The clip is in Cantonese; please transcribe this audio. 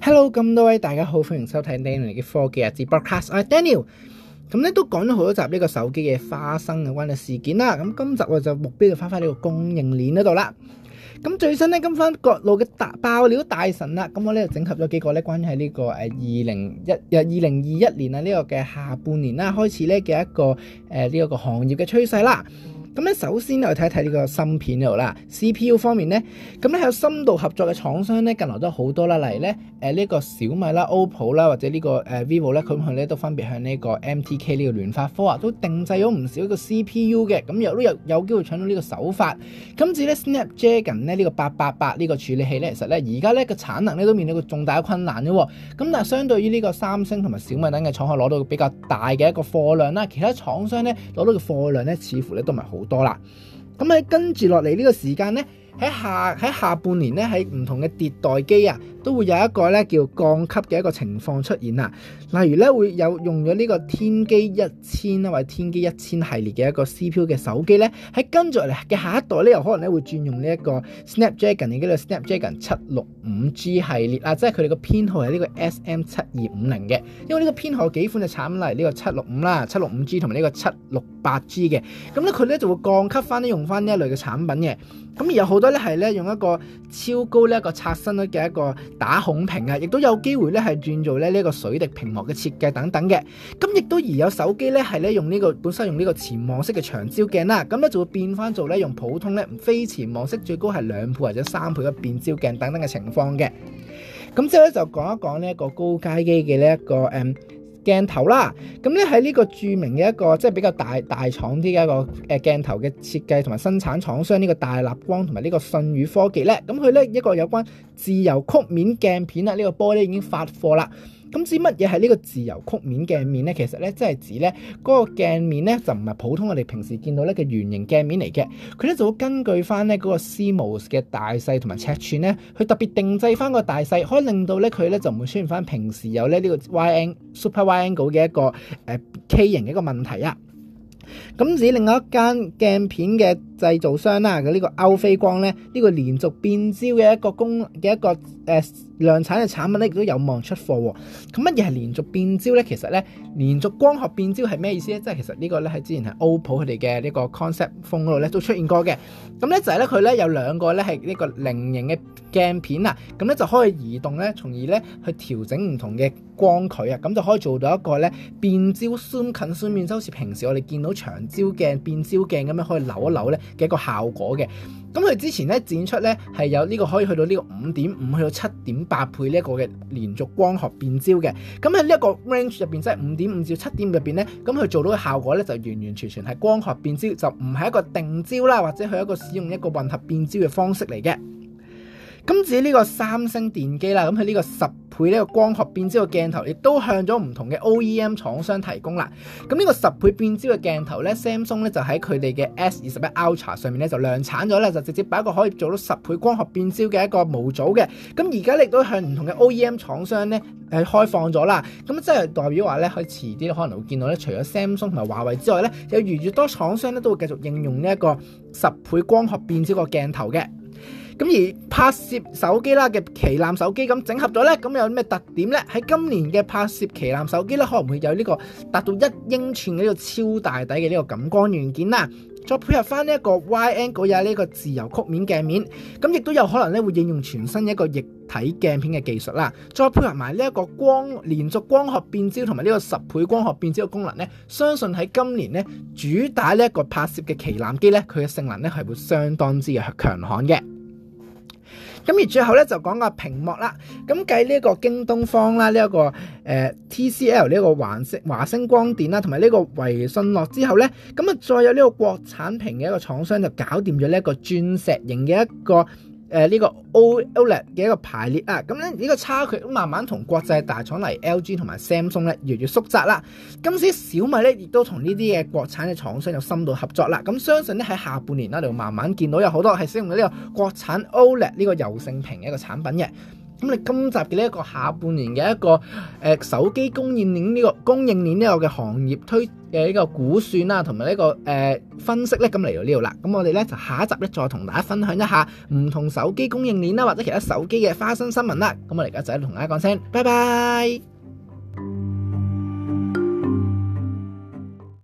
Hello，咁多位大家好，歡迎收睇 Daniel 嘅科技日誌 Broadcast。我係 Daniel，咁咧、嗯、都講咗好多集呢、呢個手機嘅花生有關嘅事件啦。咁、嗯、今集我就目標就翻翻呢個供應鏈嗰度啦。咁、嗯、最新呢，跟翻各路嘅爆料大神啦。咁、嗯、我咧就整合咗幾個咧、呢個，關於喺呢個誒二零一二零二一年啊呢個嘅下半年啦開始咧嘅一個誒呢個行業嘅趨勢啦。咁咧，首先我睇一睇呢個芯片度啦。C P U 方面咧，咁咧有深度合作嘅廠商咧，近來都好多啦。例如咧，誒呢個小米啦、OPPO 啦，或者呢個誒 VIVO 咧，佢們咧都分別向呢個 M T K 呢個聯發科啊，都定製咗唔少一個 C P U 嘅。咁又都有有機會搶到呢個首發。今次咧 Snapdragon 咧呢個八八八呢個處理器咧，其實咧而家咧個產能咧都面對個重大嘅困難嘅。咁但係相對於呢個三星同埋小米等嘅廠商攞到比較大嘅一個貨量啦，其他廠商咧攞到嘅貨量咧，似乎咧都唔係好多啦，咁喺跟住落嚟呢個時間咧，喺下喺下半年咧，喺唔同嘅迭代機啊，都會有一個咧叫降級嘅一個情況出現啊，例如咧會有用咗呢個天璣一千啊或者天璣一千系列嘅一個 C P U 嘅手機咧，喺跟住嚟嘅下一代咧又可能咧會轉用呢一個 Snapdragon 呢啲嘅 Snapdragon 七六五 G 系列啊，即係佢哋個編號係呢個 S M 七二五零嘅，因為呢個編號有幾款嘅產品，例呢個七六五啦、七六五 G 同埋呢個七六八 G 嘅，咁咧佢咧就會降級翻咧用翻呢一類嘅產品嘅，咁而有好多咧係咧用一個超高呢一個刷新率嘅一個。打孔屏啊，亦都有機會咧，係轉做咧呢一個水滴屏幕嘅設計等等嘅。咁亦都而有手機咧、這個，係咧用呢個本身用呢個潛望式嘅長焦鏡啦，咁咧就會變翻做咧用普通咧非潛望式，最高係兩倍或者三倍嘅變焦鏡等等嘅情況嘅。咁之後咧就講一講呢一個高階機嘅呢一個誒。嗯鏡頭啦，咁咧喺呢個著名嘅一個即係比較大大廠啲嘅一個誒、啊、鏡頭嘅設計同埋生產廠商呢個大立光同埋呢個信宇科技呢。咁佢呢一個有關自由曲面鏡片啦，呢、呢個玻璃已經發貨啦。咁指乜嘢係呢個自由曲面鏡面咧？其實咧，即係指咧嗰、那個鏡面咧，就唔係普通我哋平時見到咧嘅圓形鏡面嚟嘅。佢咧就會根據翻咧嗰個 CMOS 嘅大細同埋尺寸咧，去特別定製翻個大細，可以令到咧佢咧就唔會出現翻平時有咧呢、這個 YN super YN 嘅一個誒、呃、K 型嘅一個問題啊！咁至於另外一間鏡片嘅製造商啦，呢個歐菲光咧，呢個連續變焦嘅一個功嘅一個誒、呃、量產嘅產品咧，亦都有望出貨。咁乜嘢係連續變焦咧？其實咧，連續光學變焦係咩意思咧？即係其實呢個咧係之前係 OPPO 佢哋嘅呢個 concept phone 度咧都出現過嘅。咁、嗯、咧就係咧佢咧有兩個咧係呢個菱形嘅。鏡片啊，咁咧就可以移動咧，從而咧去調整唔同嘅光距啊，咁就可以做到一個咧變焦、縮近、縮遠、就好似平時，我哋見到長焦鏡、變焦鏡咁樣可以扭一扭咧嘅一個效果嘅。咁佢之前咧展出咧係有呢個可以去到呢個五點五去到七點八倍呢一個嘅連續光學變焦嘅。咁喺呢一個 range 入邊即係五點五至七點入邊咧，咁佢做到嘅效果咧就完完全全係光學變焦，就唔係一個定焦啦，或者佢係一個使用一個混合變焦嘅方式嚟嘅。咁至於呢個三星電機啦，咁佢呢個十倍呢個光學變焦嘅鏡頭，亦都向咗唔同嘅 OEM 廠商提供啦。咁呢個十倍變焦嘅鏡頭咧，Samsung 咧就喺佢哋嘅 S 二十一 Ultra 上面咧就量產咗咧，就直接擺一個可以做到十倍光學變焦嘅一個模組嘅。咁而家亦都向唔同嘅 OEM 廠商咧誒、呃、開放咗啦。咁即係代表話咧，可以遲啲可能會見到咧，除咗 Samsung 同埋華為之外咧，有越越多廠商咧都會繼續應用呢一個十倍光學變焦個鏡頭嘅。咁而拍攝手機啦嘅旗艦手機咁整合咗呢，咁有咩特點呢？喺今年嘅拍攝旗艦手機呢，可能會有呢個達到一英寸嘅呢個超大底嘅呢個感光元件啦，再配合返呢一個 YN 嗰嘢呢個自由曲面鏡面，咁亦都有可能咧會應用全新一個液體鏡片嘅技術啦，再配合埋呢一個光連續光學變焦同埋呢個十倍光學變焦嘅功能呢，相信喺今年呢，主打呢一個拍攝嘅旗艦機呢，佢嘅性能呢係會相當之強強悍嘅。咁而最後咧就講個屏幕啦，咁計呢一個京東方啦，呢、這、一個誒、呃、TCL 呢一個華星華星光電啦，同埋呢個維信諾之後呢，咁啊再有呢個國產屏嘅一個廠商就搞掂咗呢一個鑽石型嘅一個。誒呢個 OLED 嘅一個排列啊，咁咧呢個差距慢慢同國際大廠嚟 LG 同埋 Samsung 咧越越縮窄啦。今次小米咧亦都同呢啲嘅國產嘅廠商有深度合作啦。咁相信咧喺下半年啦，就慢慢見到有好多係使用呢個國產 OLED 呢個柔性屏嘅一個產品嘅。咁你今集嘅呢一個下半年嘅一個誒手機供應鏈呢個供應鏈呢個嘅行業推，嘅呢個估算啦，這個，同埋呢個誒分析咧，咁嚟到呢度啦。咁我哋咧就下一集咧再同大家分享一下唔同手機供應鏈啦，或者其他手機嘅花生新聞啦。咁我哋而家就喺度同大家講聲，拜拜。